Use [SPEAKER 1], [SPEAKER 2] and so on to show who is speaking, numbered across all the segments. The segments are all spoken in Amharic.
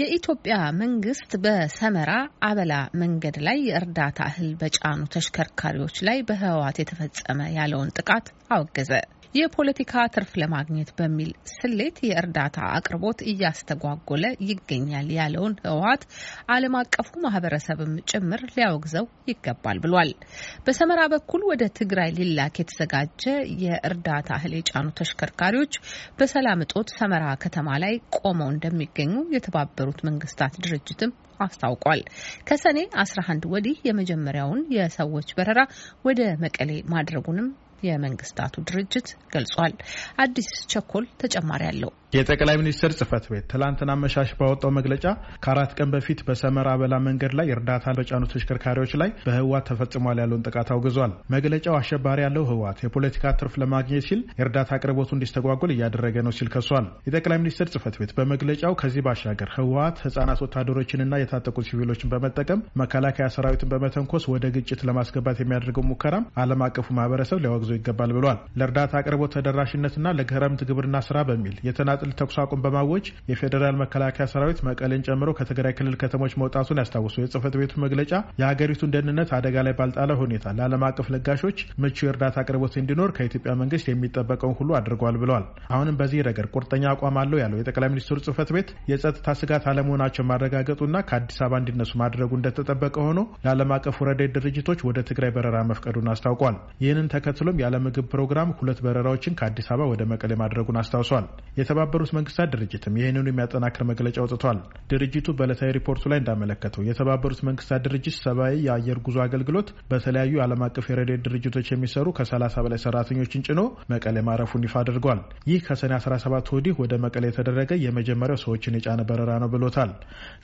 [SPEAKER 1] የኢትዮጵያ መንግስት በሰመራ አበላ መንገድ ላይ የእርዳታ እህል በጫኑ ተሽከርካሪዎች ላይ በህወሓት የተፈጸመ ያለውን ጥቃት አወገዘ። የፖለቲካ ትርፍ ለማግኘት በሚል ስሌት የእርዳታ አቅርቦት እያስተጓጎለ ይገኛል ያለውን ህወሓት ዓለም አቀፉ ማህበረሰብም ጭምር ሊያወግዘው ይገባል ብሏል። በሰመራ በኩል ወደ ትግራይ ሊላክ የተዘጋጀ የእርዳታ እህል የጫኑ ተሽከርካሪዎች በሰላም እጦት ሰመራ ከተማ ላይ ቆመው እንደሚገኙ የተባበ የተባበሩት መንግስታት ድርጅትም አስታውቋል። ከሰኔ 11 ወዲህ የመጀመሪያውን የሰዎች በረራ ወደ መቀሌ ማድረጉንም የመንግስታቱ ድርጅት ገልጿል። አዲስ ቸኮል ተጨማሪ አለው።
[SPEAKER 2] የጠቅላይ ሚኒስትር ጽህፈት ቤት ትላንትና አመሻሽ ባወጣው መግለጫ ከአራት ቀን በፊት በሰመራ አበላ መንገድ ላይ እርዳታ በጫኑ ተሽከርካሪዎች ላይ በህወሓት ተፈጽሟል ያለውን ጥቃት አውግዟል። መግለጫው አሸባሪ ያለው ህወሓት የፖለቲካ ትርፍ ለማግኘት ሲል የእርዳታ አቅርቦቱ እንዲስተጓጎል እያደረገ ነው ሲል ከሷል። የጠቅላይ ሚኒስትር ጽህፈት ቤት በመግለጫው ከዚህ ባሻገር ህወሓት ህጻናት ወታደሮችንና የታጠቁ ሲቪሎችን በመጠቀም መከላከያ ሰራዊትን በመተንኮስ ወደ ግጭት ለማስገባት የሚያደርገው ሙከራም ዓለም አቀፉ ማህበረሰብ ሊያወግዘው ይገባል ብሏል። ለእርዳታ አቅርቦት ተደራሽነትና ለክረምት ግብርና ስራ በሚል የተናጠ የተናጥል ተኩስ አቁም በማወጅ የፌዴራል መከላከያ ሰራዊት መቀሌን ጨምሮ ከትግራይ ክልል ከተሞች መውጣቱን ያስታውሱ የጽህፈት ቤቱ መግለጫ የሀገሪቱን ደህንነት አደጋ ላይ ባልጣለ ሁኔታ ለዓለም አቀፍ ለጋሾች ምቹ የእርዳታ አቅርቦት እንዲኖር ከኢትዮጵያ መንግስት የሚጠበቀውን ሁሉ አድርጓል ብለዋል። አሁንም በዚህ ረገድ ቁርጠኛ አቋም አለው ያለው የጠቅላይ ሚኒስትሩ ጽህፈት ቤት የጸጥታ ስጋት አለመሆናቸው ማረጋገጡና ከአዲስ አበባ እንዲነሱ ማድረጉ እንደተጠበቀ ሆኖ ለዓለም አቀፍ ወረዳ ድርጅቶች ወደ ትግራይ በረራ መፍቀዱን አስታውቋል። ይህንን ተከትሎም የዓለም ምግብ ፕሮግራም ሁለት በረራዎችን ከአዲስ አበባ ወደ መቀሌ ማድረጉን አስታውሷል። የተባበሩት መንግስታት ድርጅትም ይህንኑ የሚያጠናክር መግለጫ ወጥቷል። ድርጅቱ በዕለታዊ ሪፖርቱ ላይ እንዳመለከተው የተባበሩት መንግስታት ድርጅት ሰብአዊ የአየር ጉዞ አገልግሎት በተለያዩ ዓለም አቀፍ የረድኤት ድርጅቶች የሚሰሩ ከ30 በላይ ሰራተኞችን ጭኖ መቀሌ ማረፉን ይፋ አድርጓል። ይህ ከሰኔ 17 ወዲህ ወደ መቀሌ የተደረገ የመጀመሪያው ሰዎችን የጫነ በረራ ነው ብሎታል።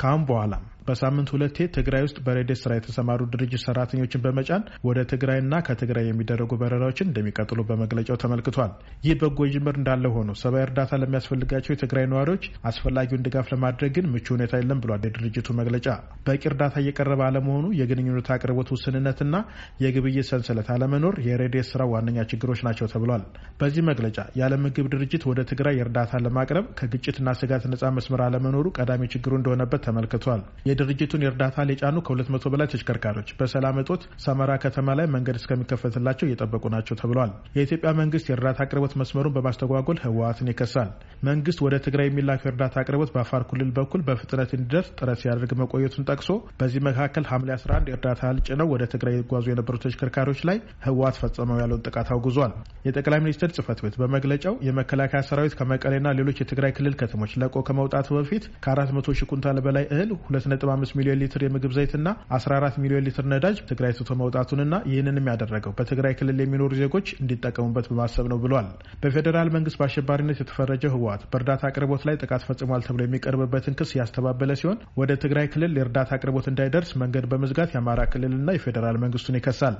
[SPEAKER 2] ከአሁን በኋላም በሳምንት ሁለቴ ትግራይ ውስጥ በረድኤት ስራ የተሰማሩ ድርጅት ሰራተኞችን በመጫን ወደ ትግራይና ከትግራይ የሚደረጉ በረራዎችን እንደሚቀጥሉ በመግለጫው ተመልክቷል። ይህ በጎ ጅምር እንዳለ ሆኖ ሰብአዊ እርዳታ ለሚያስፈልግ ለሚያስፈልጋቸው የትግራይ ነዋሪዎች አስፈላጊውን ድጋፍ ለማድረግ ግን ምቹ ሁኔታ የለም ብሏል የድርጅቱ መግለጫ። በቂ እርዳታ እየቀረበ አለመሆኑ፣ የግንኙነት አቅርቦት ውስንነትና የግብይት ሰንሰለት አለመኖር የሬዴት ስራ ዋነኛ ችግሮች ናቸው ተብሏል። በዚህ መግለጫ የዓለም ምግብ ድርጅት ወደ ትግራይ እርዳታ ለማቅረብ ከግጭትና ስጋት ነጻ መስመር አለመኖሩ ቀዳሚ ችግሩ እንደሆነበት ተመልክቷል። የድርጅቱን የእርዳታ ሊጫኑ ከ200 በላይ ተሽከርካሪዎች በሰላም እጦት ሰመራ ከተማ ላይ መንገድ እስከሚከፈትላቸው እየጠበቁ ናቸው ተብሏል። የኢትዮጵያ መንግስት የእርዳታ አቅርቦት መስመሩን በማስተጓጎል ህወሓትን ይከሳል። መንግስት ወደ ትግራይ የሚላከው እርዳታ አቅርቦት በአፋር ክልል በኩል በፍጥነት እንዲደርስ ጥረት ሲያደርግ መቆየቱን ጠቅሶ በዚህ መካከል ሐምሌ 11 እርዳታ እህል ጭነው ወደ ትግራይ ይጓዙ የነበሩ ተሽከርካሪዎች ላይ ህወሓት ፈጸመው ያለውን ጥቃት አውግዟል። የጠቅላይ ሚኒስትር ጽህፈት ቤት በመግለጫው የመከላከያ ሰራዊት ከመቀሌና ሌሎች የትግራይ ክልል ከተሞች ለቆ ከመውጣቱ በፊት ከ400 ሺህ ኩንታል በላይ እህል፣ 2.5 ሚሊዮን ሊትር የምግብ ዘይትና 14 ሚሊዮን ሊትር ነዳጅ ትግራይ ትቶ መውጣቱንና ይህንንም ያደረገው በትግራይ ክልል የሚኖሩ ዜጎች እንዲጠቀሙበት በማሰብ ነው ብሏል። በፌዴራል መንግስት በአሸባሪነት የተፈረጀው ህወሓት በእርዳታ አቅርቦት ላይ ጥቃት ፈጽሟል ተብሎ የሚቀርብበትን ክስ ያስተባበለ ሲሆን ወደ ትግራይ ክልል የእርዳታ አቅርቦት እንዳይደርስ መንገድ በመዝጋት የአማራ ክልልና የፌዴራል መንግስቱን ይከሳል።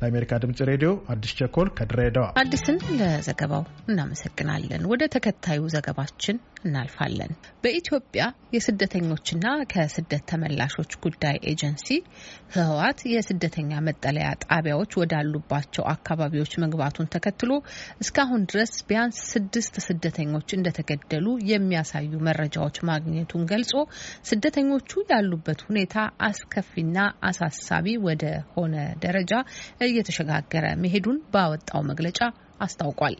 [SPEAKER 2] ለአሜሪካ ድምጽ ሬዲዮ አዲስ ቸኮል ከድሬዳዋ።
[SPEAKER 1] አዲስን ለዘገባው እናመሰግናለን። ወደ ተከታዩ ዘገባችን እናልፋለን። በኢትዮጵያ የስደተኞችና ከስደት ተመላሾች ጉዳይ ኤጀንሲ ህወሓት የስደተኛ መጠለያ ጣቢያዎች ወዳሉባቸው አካባቢዎች መግባቱን ተከትሎ እስካሁን ድረስ ቢያንስ ስድስት ስደተኞች እንደተገደሉ የሚያሳዩ መረጃዎች ማግኘቱን ገልጾ ስደተኞቹ ያሉበት ሁኔታ አስከፊና አሳሳቢ ወደ ሆነ ደረጃ እየተሸጋገረ መሄዱን ባወጣው መግለጫ አስታውቋል።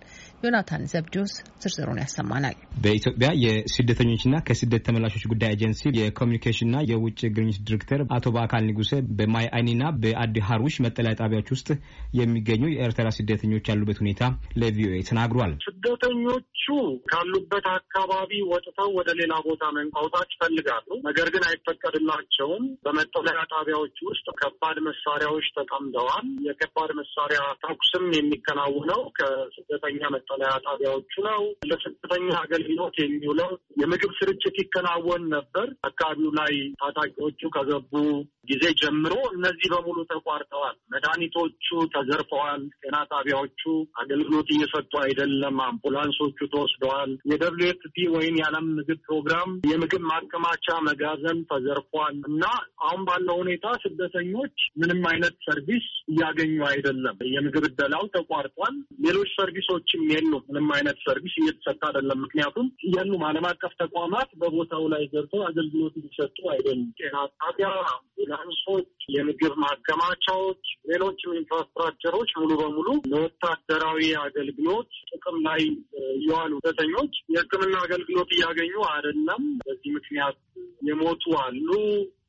[SPEAKER 1] ዮናታን ዘብዲዮስ ዝርዝሩን ያሰማናል።
[SPEAKER 3] በኢትዮጵያ የስደተኞችና ከስደት ተመላሾች ጉዳይ ኤጀንሲ የኮሚኒኬሽንና የውጭ ግንኙነት ዲሬክተር አቶ በአካል ንጉሴ በማይ አይኒና በአዲ ሀሩሽ መጠለያ ጣቢያዎች ውስጥ የሚገኙ የኤርትራ ስደተኞች ያሉበት ሁኔታ ለቪኦኤ ተናግሯል።
[SPEAKER 4] ስደተኞቹ ካሉበት አካባቢ ወጥተው ወደ ሌላ ቦታ መንቋውጣት ይፈልጋሉ። ነገር ግን አይፈቀድላቸውም። በመጠለያ ጣቢያዎች ውስጥ ከባድ መሳሪያዎች ተጠምደዋል። የከባድ መሳሪያ ተኩስም የሚከናወነው ከ ስደተኛ መጠለያ ጣቢያዎቹ ነው። ለስደተኛ አገልግሎት የሚውለው የምግብ ስርጭት ይከናወን ነበር። አካባቢው ላይ ታጣቂዎቹ ከገቡ ጊዜ ጀምሮ እነዚህ በሙሉ ተቋርጠዋል። መድኃኒቶቹ ተዘርፈዋል። ጤና ጣቢያዎቹ አገልግሎት እየሰጡ አይደለም። አምቡላንሶቹ ተወስደዋል። የደብሊው ኤፍ ፒ ወይም የዓለም ምግብ ፕሮግራም የምግብ ማከማቻ መጋዘን ተዘርፏል እና አሁን ባለው ሁኔታ ስደተኞች ምንም አይነት ሰርቪስ እያገኙ አይደለም። የምግብ እደላው ተቋርጧል። ሌሎች ሰርቪሶችም የሉ። ምንም አይነት ሰርቪስ እየተሰጠ አይደለም። ምክንያቱም የሉም። ዓለም አቀፍ ተቋማት በቦታው ላይ ገብተው አገልግሎት እንዲሰጡ አይደሉም። ጤና ጣቢያ፣ አምቡላንሶች፣ የምግብ ማከማቻዎች፣ ሌሎችም ኢንፍራስትራክቸሮች ሙሉ በሙሉ ለወታደራዊ አገልግሎት ጥቅም ላይ የዋሉ ስደተኞች የሕክምና አገልግሎት እያገኙ አይደለም። በዚህ ምክንያት የሞቱ አሉ።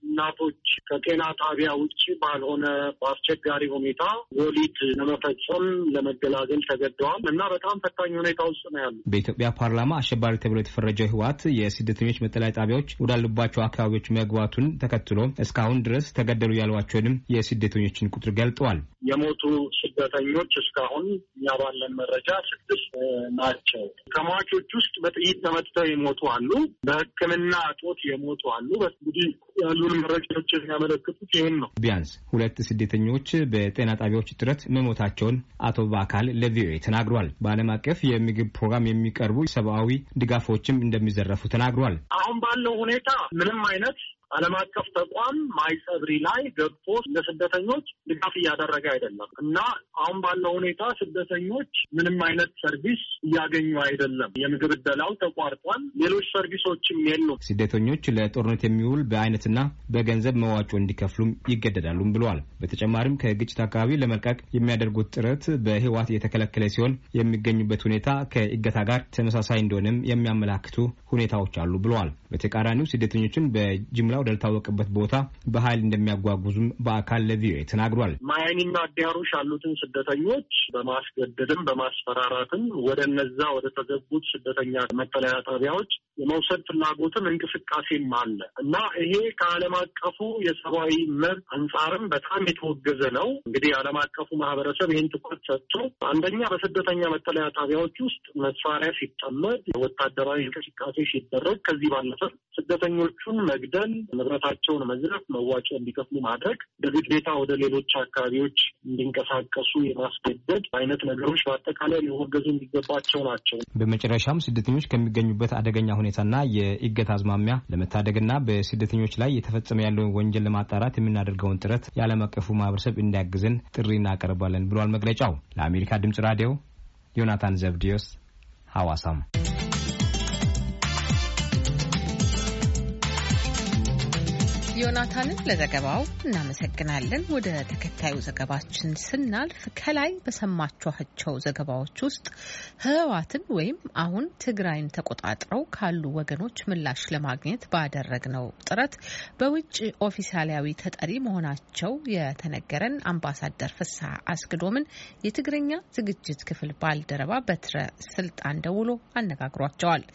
[SPEAKER 4] እናቶች ከጤና ጣቢያ ውጭ ባልሆነ በአስቸጋሪ ሁኔታ ወሊድ ለመፈጸም ለመገላገል ተገደዋል እና በጣም ፈታኝ ሁኔታ ውስጥ ነው ያሉ።
[SPEAKER 3] በኢትዮጵያ ፓርላማ አሸባሪ ተብሎ የተፈረጀው ህወሓት የስደተኞች መጠለያ ጣቢያዎች ወዳሉባቸው አካባቢዎች መግባቱን ተከትሎ እስካሁን ድረስ ተገደሉ ያሏቸውንም የስደተኞችን ቁጥር ገልጠዋል።
[SPEAKER 4] የሞቱ ስደተኞች እስካሁን እኛ ባለን መረጃ ስድስት ናቸው። ከሟቾች ውስጥ በጥይት ተመትተው የሞቱ አሉ፣ በህክምና እጦት የሞቱ አሉ። እንግዲህ ያሉ መረጃዎች የሚያመለክቱት ይህን ነው።
[SPEAKER 3] ቢያንስ ሁለት ስደተኞች በጤና ጣቢያዎች እጥረት መሞታቸውን አቶ በአካል ለቪኦኤ ተናግሯል። በዓለም አቀፍ የምግብ ፕሮግራም የሚቀርቡ ሰብአዊ ድጋፎችም እንደሚዘረፉ ተናግሯል።
[SPEAKER 4] አሁን ባለው ሁኔታ ምንም አይነት ዓለም አቀፍ ተቋም ማይሰብሪ ላይ ገብቶ ለስደተኞች ድጋፍ እያደረገ አይደለም እና አሁን ባለው ሁኔታ ስደተኞች ምንም አይነት ሰርቪስ እያገኙ አይደለም። የምግብ እደላው ተቋርጧል። ሌሎች ሰርቪሶችም የሉም።
[SPEAKER 3] ስደተኞች ለጦርነት የሚውል በአይነትና በገንዘብ መዋጮ እንዲከፍሉም ይገደዳሉም ብለዋል። በተጨማሪም ከግጭት አካባቢ ለመልቀቅ የሚያደርጉት ጥረት በህወሓት የተከለከለ ሲሆን የሚገኙበት ሁኔታ ከእገታ ጋር ተመሳሳይ እንደሆነም የሚያመላክቱ ሁኔታዎች አሉ ብለዋል። በተቃራኒው ስደተኞችን በጅምላ ወዳልታወቀበት ቦታ በኃይል እንደሚያጓጉዙም በአካል ለቪኦኤ ተናግሯል።
[SPEAKER 4] ማያኒና አዲያሮሽ ያሉትን ስደተኞች በማስገደድም በማስፈራራትም ወደ እነዛ ወደ ተዘጉት ስደተኛ መጠለያ ጣቢያዎች የመውሰድ ፍላጎትም እንቅስቃሴም አለ እና ይሄ ከዓለም አቀፉ የሰብአዊ መብት አንጻርም በጣም የተወገዘ ነው። እንግዲህ የዓለም አቀፉ ማህበረሰብ ይህን ትኩረት ሰጥቶ አንደኛ በስደተኛ መጠለያ ጣቢያዎች ውስጥ መሳሪያ ሲጠመድ፣ ወታደራዊ እንቅስቃሴ ሲደረግ፣ ከዚህ ባለፈ ስደተኞቹን መግደል፣ ንብረታቸውን መዝረፍ፣ መዋጮ እንዲከፍሉ ማድረግ፣ በግዴታ ወደ ሌሎች አካባቢዎች እንዲንቀሳቀሱ የማስገደድ አይነት ነገሮች በአጠቃላይ ሊወገዙ የሚገባቸው ናቸው።
[SPEAKER 3] በመጨረሻም ስደተኞች ከሚገኙበት አደገኛ ሁኔታ ሁኔታና የእገት አዝማሚያ ለመታደግና በስደተኞች ላይ የተፈጸመ ያለውን ወንጀል ለማጣራት የምናደርገውን ጥረት የዓለም አቀፉ ማህበረሰብ እንዲያግዝን ጥሪ እናቀርባለን ብሏል መግለጫው። ለአሜሪካ ድምጽ ራዲዮ ዮናታን ዘብዲዮስ ሐዋሳም
[SPEAKER 1] ዮናታንን ለዘገባው እናመሰግናለን። ወደ ተከታዩ ዘገባችን ስናልፍ ከላይ በሰማችኋቸው ዘገባዎች ውስጥ ህወሓትን ወይም አሁን ትግራይን ተቆጣጥረው ካሉ ወገኖች ምላሽ ለማግኘት ባደረግነው ጥረት በውጭ ኦፊሳላዊ ተጠሪ መሆናቸው የተነገረን አምባሳደር ፍስሐ አስግዶምን የትግርኛ ዝግጅት ክፍል ባልደረባ በትረ ስልጣን ደውሎ አነጋግሯቸዋል።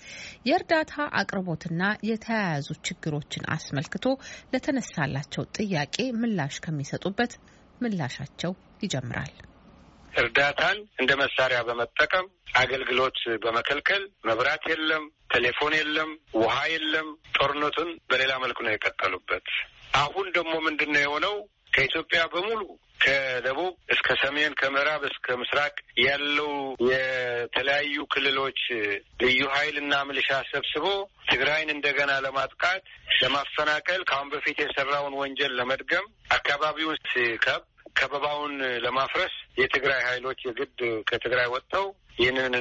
[SPEAKER 1] የእርዳታ አቅርቦትና የተያያዙ ችግሮችን አስመልክቶ ለተነሳላቸው ጥያቄ ምላሽ ከሚሰጡበት ምላሻቸው ይጀምራል።
[SPEAKER 5] እርዳታን እንደ መሳሪያ በመጠቀም አገልግሎት በመከልከል መብራት የለም፣ ቴሌፎን የለም፣ ውሃ የለም። ጦርነቱን በሌላ መልኩ ነው የቀጠሉበት። አሁን ደግሞ ምንድን ነው የሆነው? ከኢትዮጵያ በሙሉ ከደቡብ እስከ ሰሜን ከምዕራብ እስከ ምስራቅ ያለው የተለያዩ ክልሎች ልዩ ኃይል እና ምልሻ ሰብስቦ ትግራይን እንደገና ለማጥቃት ለማፈናቀል፣ ከአሁን በፊት የሰራውን ወንጀል ለመድገም፣ አካባቢውን ሲከብ ከበባውን ለማፍረስ የትግራይ ኃይሎች የግድ ከትግራይ ወጥተው ይህንን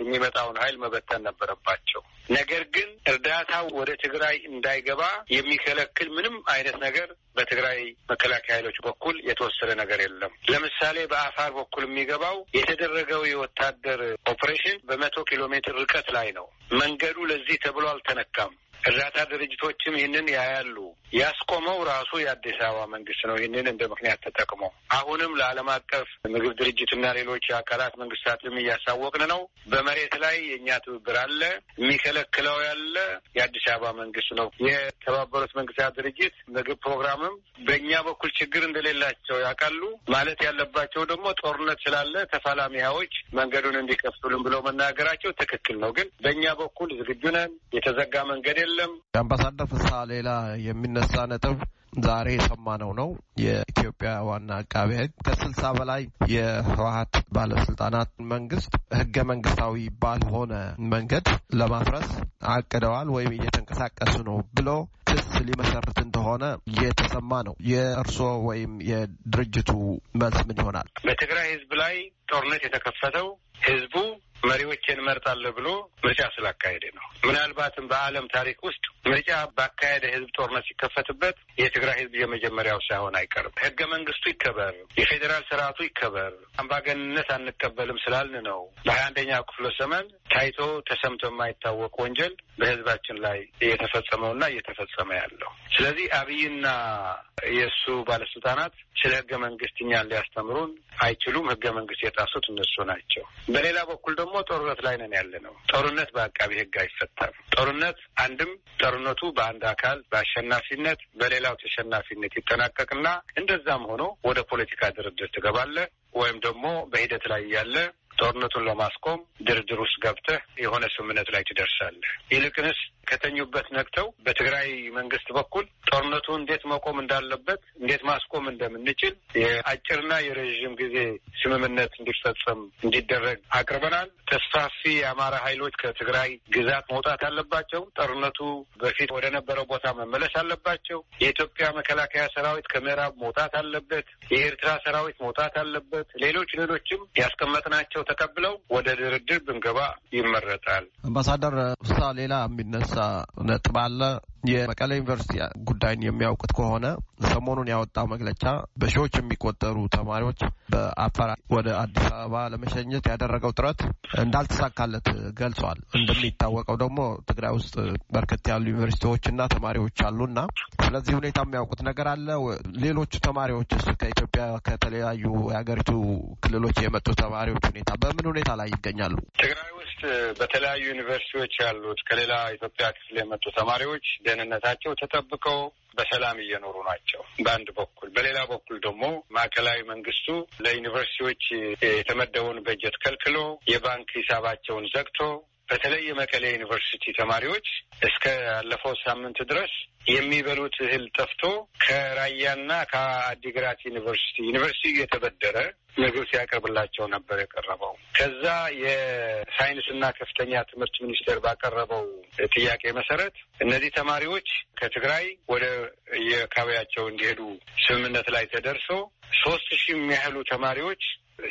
[SPEAKER 5] የሚመጣውን ኃይል መበተን ነበረባቸው። ነገር ግን እርዳታው ወደ ትግራይ እንዳይገባ የሚከለክል ምንም አይነት ነገር በትግራይ መከላከያ ኃይሎች በኩል የተወሰደ ነገር የለም። ለምሳሌ በአፋር በኩል የሚገባው የተደረገው የወታደር ኦፕሬሽን በመቶ ኪሎ ሜትር ርቀት ላይ ነው። መንገዱ ለዚህ ተብሎ አልተነካም። እርዳታ ድርጅቶችም ይህንን ያያሉ። ያስቆመው ራሱ የአዲስ አበባ መንግስት ነው። ይህንን እንደ ምክንያት ተጠቅሞ አሁንም ለዓለም አቀፍ ምግብ ድርጅትና ሌሎች አካላት መንግስታትም እያሳወቅን ነው። በመሬት ላይ የእኛ ትብብር አለ። የሚከለክለው ያለ የአዲስ አበባ መንግስት ነው። የተባበሩት መንግስታት ድርጅት ምግብ ፕሮግራምም በእኛ በኩል ችግር እንደሌላቸው ያውቃሉ። ማለት ያለባቸው ደግሞ ጦርነት ስላለ ተፋላሚ ሀዎች መንገዱን እንዲከፍቱልን ብለው መናገራቸው ትክክል ነው። ግን በእኛ በኩል ዝግጁ ነን። የተዘጋ መንገድ የለም።
[SPEAKER 6] የአምባሳደር ፍስሐ ሌላ የሚነሳ ነጥብ ዛሬ የሰማነው ነው። የኢትዮጵያ ዋና አቃቤ ሕግ ከስልሳ በላይ የህወሀት ባለስልጣናት መንግስት ህገ መንግስታዊ ባልሆነ መንገድ ለማፍረስ አቅደዋል ወይም እየተንቀሳቀሱ ነው ብሎ ክስ ሊመሰርት እንደሆነ እየተሰማ ነው። የእርስዎ ወይም የድርጅቱ መልስ ምን ይሆናል? በትግራይ ህዝብ ላይ ጦርነት የተከፈተው ህዝቡ መሪዎችን መርጣለሁ
[SPEAKER 5] ብሎ ምርጫ ስላካሄደ ነው። ምናልባትም በዓለም ታሪክ ውስጥ ምርጫ ባካሄደ ህዝብ ጦርነት ሲከፈትበት የትግራይ ህዝብ የመጀመሪያው ሳይሆን አይቀርም። ህገ መንግስቱ ይከበር፣ የፌዴራል ስርዓቱ ይከበር፣ አምባገንነት አንቀበልም ስላልን ነው በሀያ አንደኛ ክፍለ ዘመን ታይቶ ተሰምቶ የማይታወቅ ወንጀል በህዝባችን ላይ እየተፈጸመውና እየተፈጸመ ያለው። ስለዚህ አብይና የእሱ ባለስልጣናት ስለ ህገ መንግስት እኛን ሊያስተምሩን አይችሉም። ህገ መንግስት የጣሱት እነሱ ናቸው። በሌላ በኩል ደግሞ ጦርነት ላይ ነን ያለ ነው። ጦርነት በአቃቢ ህግ አይፈታም። ጦርነት አንድም ጦርነቱ በአንድ አካል በአሸናፊነት በሌላው ተሸናፊነት ይጠናቀቅና እንደዛም ሆኖ ወደ ፖለቲካ ድርድር ትገባለህ ወይም ደግሞ በሂደት ላይ እያለ ጦርነቱን ለማስቆም ድርድር ውስጥ ገብተህ የሆነ ስምምነት ላይ ትደርሳለህ። ይልቅንስ ከተኙበት ነቅተው በትግራይ መንግስት በኩል ጦርነቱ እንዴት መቆም እንዳለበት፣ እንዴት ማስቆም እንደምንችል የአጭርና የረዥም ጊዜ ስምምነት እንዲፈጸም እንዲደረግ አቅርበናል። ተስፋፊ የአማራ ኃይሎች ከትግራይ ግዛት መውጣት አለባቸው። ጦርነቱ በፊት ወደ ነበረው ቦታ መመለስ አለባቸው። የኢትዮጵያ መከላከያ ሰራዊት ከምዕራብ መውጣት አለበት። የኤርትራ ሰራዊት መውጣት አለበት። ሌሎች ሌሎችም ያስቀመጥናቸው ተቀብለው ወደ ድርድር ብንገባ ይመረጣል።
[SPEAKER 6] አምባሳደር ሳ ሌላ የሚነሳ ነጥብ አለ። የመቀለ ዩኒቨርሲቲ ጉዳይን የሚያውቁት ከሆነ ሰሞኑን ያወጣው መግለጫ በሺዎች የሚቆጠሩ ተማሪዎች በአፋር ወደ አዲስ አበባ ለመሸኘት ያደረገው ጥረት እንዳልተሳካለት ገልጿል። እንደሚታወቀው ደግሞ ትግራይ ውስጥ በርከት ያሉ ዩኒቨርሲቲዎችና ተማሪዎች አሉና ስለዚህ ሁኔታ የሚያውቁት ነገር አለ። ሌሎቹ ተማሪዎች ከኢትዮጵያ ከተለያዩ የሀገሪቱ ክልሎች የመጡ ተማሪዎች ሁኔታ በምን ሁኔታ ላይ ይገኛሉ? ትግራይ
[SPEAKER 5] ውስጥ በተለያዩ ዩኒቨርሲቲዎች ያሉት ከሌላ ኢትዮጵያ ክፍል የመጡ ተማሪዎች ደህንነታቸው ተጠብቀው በሰላም እየኖሩ ናቸው በአንድ በኩል። በሌላ በኩል ደግሞ ማዕከላዊ መንግስቱ ለዩኒቨርሲቲዎች የተመደበውን በጀት ከልክሎ የባንክ ሂሳባቸውን ዘግቶ በተለይ የመቀሌ ዩኒቨርሲቲ ተማሪዎች እስከ ያለፈው ሳምንት ድረስ የሚበሉት እህል ጠፍቶ ከራያና ከአዲግራት ዩኒቨርሲቲ ዩኒቨርሲቲ እየተበደረ ምግብ ሲያቀርብላቸው ነበር የቀረበው። ከዛ የሳይንስና ከፍተኛ ትምህርት ሚኒስቴር ባቀረበው ጥያቄ መሰረት እነዚህ ተማሪዎች ከትግራይ ወደ የአካባቢያቸው እንዲሄዱ ስምምነት ላይ ተደርሶ ሶስት ሺህ የሚያህሉ ተማሪዎች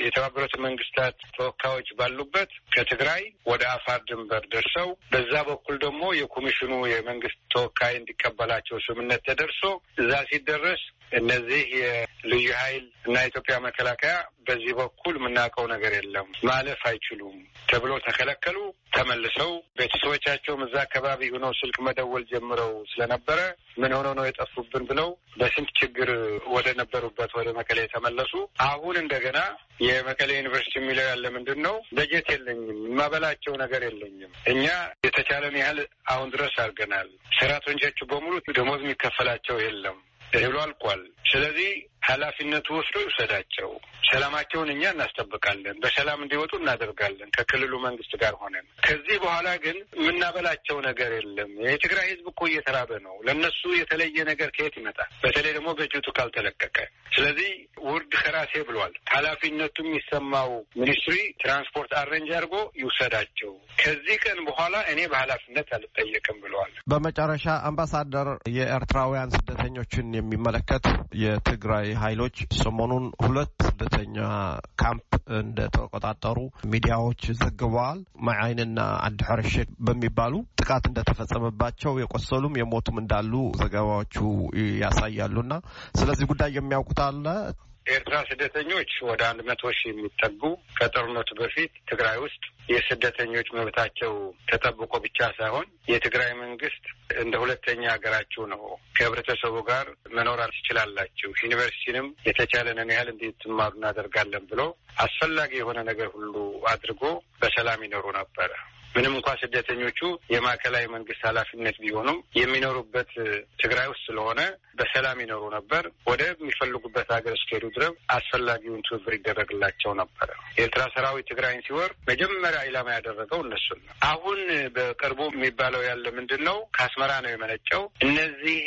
[SPEAKER 5] የተባበሩት መንግስታት ተወካዮች ባሉበት ከትግራይ ወደ አፋር ድንበር ደርሰው በዛ በኩል ደግሞ የኮሚሽኑ የመንግስት ተወካይ እንዲቀበላቸው ስምምነት ተደርሶ እዛ ሲደረስ እነዚህ የልዩ ኃይል እና የኢትዮጵያ መከላከያ በዚህ በኩል የምናውቀው ነገር የለም ማለፍ አይችሉም ተብሎ ተከለከሉ። ተመልሰው ቤተሰቦቻቸውም እዛ አካባቢ ሆነው ስልክ መደወል ጀምረው ስለነበረ ምን ሆነ ነው የጠፉብን ብለው በስንት ችግር ወደ ነበሩበት ወደ መቀሌ ተመለሱ። አሁን እንደገና የመቀሌ ዩኒቨርሲቲ የሚለው ያለ ምንድን ነው በጀት የለኝም የማበላቸው ነገር የለኝም። እኛ የተቻለን ያህል አሁን ድረስ አድርገናል። ሰራተኞቻችሁ በሙሉ ደሞዝ የሚከፈላቸው የለም እህሉ አልቋል። ስለዚህ ኃላፊነቱ ወስዶ ይውሰዳቸው። ሰላማቸውን እኛ እናስጠብቃለን፣ በሰላም እንዲወጡ እናደርጋለን ከክልሉ መንግስት ጋር ሆነን። ከዚህ በኋላ ግን የምናበላቸው ነገር የለም። የትግራይ ህዝብ እኮ እየተራበ ነው። ለእነሱ የተለየ ነገር ከየት ይመጣል? በተለይ ደግሞ በጀቱ ካልተለቀቀ። ስለዚህ ውርድ ከራሴ ብሏል። ኃላፊነቱ የሚሰማው ሚኒስትሪ ትራንስፖርት አረንጅ አድርጎ ይውሰዳቸው። ከዚህ ቀን በኋላ እኔ በኃላፊነት አልጠየቅም ብለዋል።
[SPEAKER 6] በመጨረሻ አምባሳደር የኤርትራውያን ስደተኞችን የሚመለከት የትግራይ ኃይሎች ሰሞኑን ሁለት ስደተኛ ካምፕ እንደተቆጣጠሩ ሚዲያዎች ዘግበዋል። ማይአይንና አዲ ሐርሼ በሚባሉ ጥቃት እንደተፈጸመባቸው የቆሰሉም የሞቱም እንዳሉ ዘገባዎቹ ያሳያሉና ስለዚህ ጉዳይ የሚያውቁት አለ?
[SPEAKER 5] ኤርትራ ስደተኞች ወደ አንድ መቶ ሺህ የሚጠጉ ከጦርነቱ በፊት ትግራይ ውስጥ የስደተኞች መብታቸው ተጠብቆ ብቻ ሳይሆን የትግራይ መንግስት እንደ ሁለተኛ ሀገራችሁ ነው፣ ከህብረተሰቡ ጋር መኖር ትችላላችሁ፣ ዩኒቨርሲቲንም የተቻለንን ያህል እንድትማሩ እናደርጋለን ብሎ አስፈላጊ የሆነ ነገር ሁሉ አድርጎ በሰላም ይኖሩ ነበረ። ምንም እንኳ ስደተኞቹ የማዕከላዊ መንግስት ኃላፊነት ቢሆኑም የሚኖሩበት ትግራይ ውስጥ ስለሆነ በሰላም ይኖሩ ነበር። ወደ የሚፈልጉበት ሀገር እስኪሄዱ ድረስ አስፈላጊውን ትብብር ይደረግላቸው ነበረ። የኤርትራ ሰራዊት ትግራይን ሲወር መጀመሪያ ኢላማ ያደረገው እነሱን ነው። አሁን በቅርቡ የሚባለው ያለ ምንድን ነው? ከአስመራ ነው የመነጨው። እነዚህ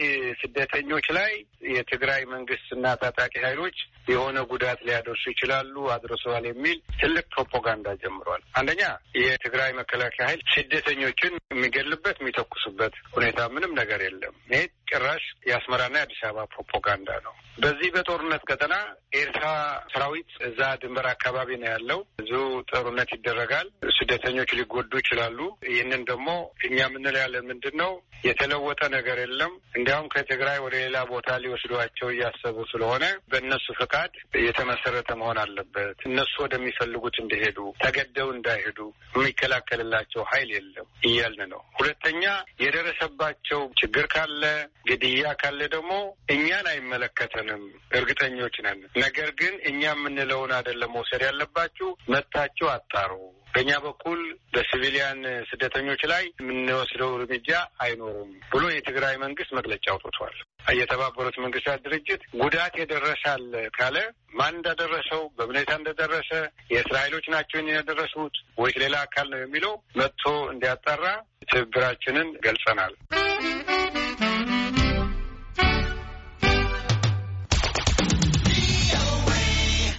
[SPEAKER 5] ስደተኞች ላይ የትግራይ መንግስትና ታጣቂ ኃይሎች የሆነ ጉዳት ሊያደርሱ ይችላሉ አድርሰዋል የሚል ትልቅ ፕሮፓጋንዳ ጀምሯል። አንደኛ የትግራይ መከላከያ ኃይል ስደተኞችን የሚገልበት የሚተኩሱበት ሁኔታ ምንም ነገር የለም። ይሄ ጭራሽ የአስመራና የአዲስ አበባ ፕሮፓጋንዳ ነው። በዚህ በጦርነት ቀጠና ኤርትራ ሰራዊት እዛ ድንበር አካባቢ ነው ያለው። ብዙ ጦርነት ይደረጋል። ስደተኞች ሊጎዱ ይችላሉ። ይህንን ደግሞ እኛ የምንለው ያለ ምንድን ነው የተለወጠ ነገር የለም። እንዲያውም ከትግራይ ወደ ሌላ ቦታ ሊወስዷቸው እያሰቡ ስለሆነ በእነሱ ፈቃድ የተመሰረተ መሆን አለበት። እነሱ ወደሚፈልጉት እንዲሄዱ ተገደው እንዳይሄዱ የሚከላከልላቸው ኃይል የለም እያልን ነው። ሁለተኛ የደረሰባቸው ችግር ካለ ግድያ ካለ ደግሞ እኛን አይመለከተንም፣ እርግጠኞች ነን። ነገር ግን እኛ የምንለውን አይደለም መውሰድ ያለባችሁ፣ መታችሁ አጣሩ። በእኛ በኩል በሲቪሊያን ስደተኞች ላይ የምንወስደው እርምጃ አይኖርም ብሎ የትግራይ መንግስት መግለጫ አውጥቷል። የተባበሩት መንግስታት ድርጅት ጉዳት የደረሳል ካለ ማን እንዳደረሰው በምኔታ እንደደረሰ የእስራኤሎች ናቸው ያደረሱት ወይስ ሌላ አካል ነው የሚለው መጥቶ እንዲያጣራ ትብብራችንን ገልጸናል።